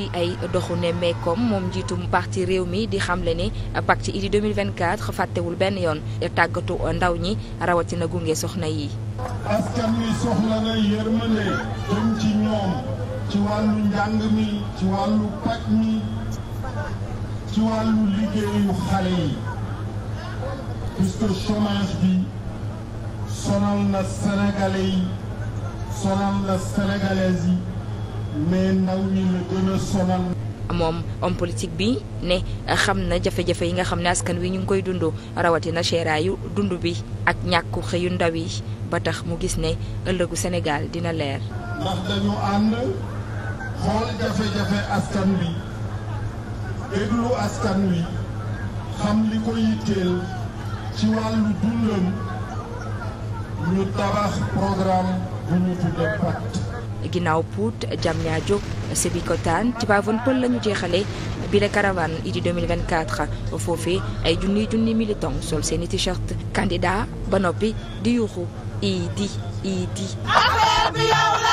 ci ay doxu nemmeekoom moom njiitum ci réew mi di xamle ni pacte Idy 2024 fàttewul benn yoon tàggatu ndaw ñi rawatina gunge soxna yi. askan wi soxla na yërmande jëm ci ñoom ci wàllu njàng mi ci wàllu paj mi ci wàllu liggéeyu xale yi puisque chômage bi sonal na sénégalais yi sonal na sénégalaises yi. mais ndaw ñi la gën sonal. moom homme politique bi ne xam na jafe-jafe yi nga xam ne askan wi ñu ngi koy dund rawatina seeraayu dund bi ak ñàkku xëyu ndaw yi ba tax mu gis ne ëllëgu Sénégal dina leer. ndax dañu ànd xool jafe-jafe askan wi déglu askan wi xam li ko yitteel ci wàllu dundam ñu tabax programme bu ñu tudde pacte ginnaaw Pout Diamniadio Sébikotane Tivaouane Peulh la ñu jeexale bi la caravane Idy 2024 foofee ay junniy junni militant sol seeni t-shirt candidat ba noppi di yuuxu Idy Idy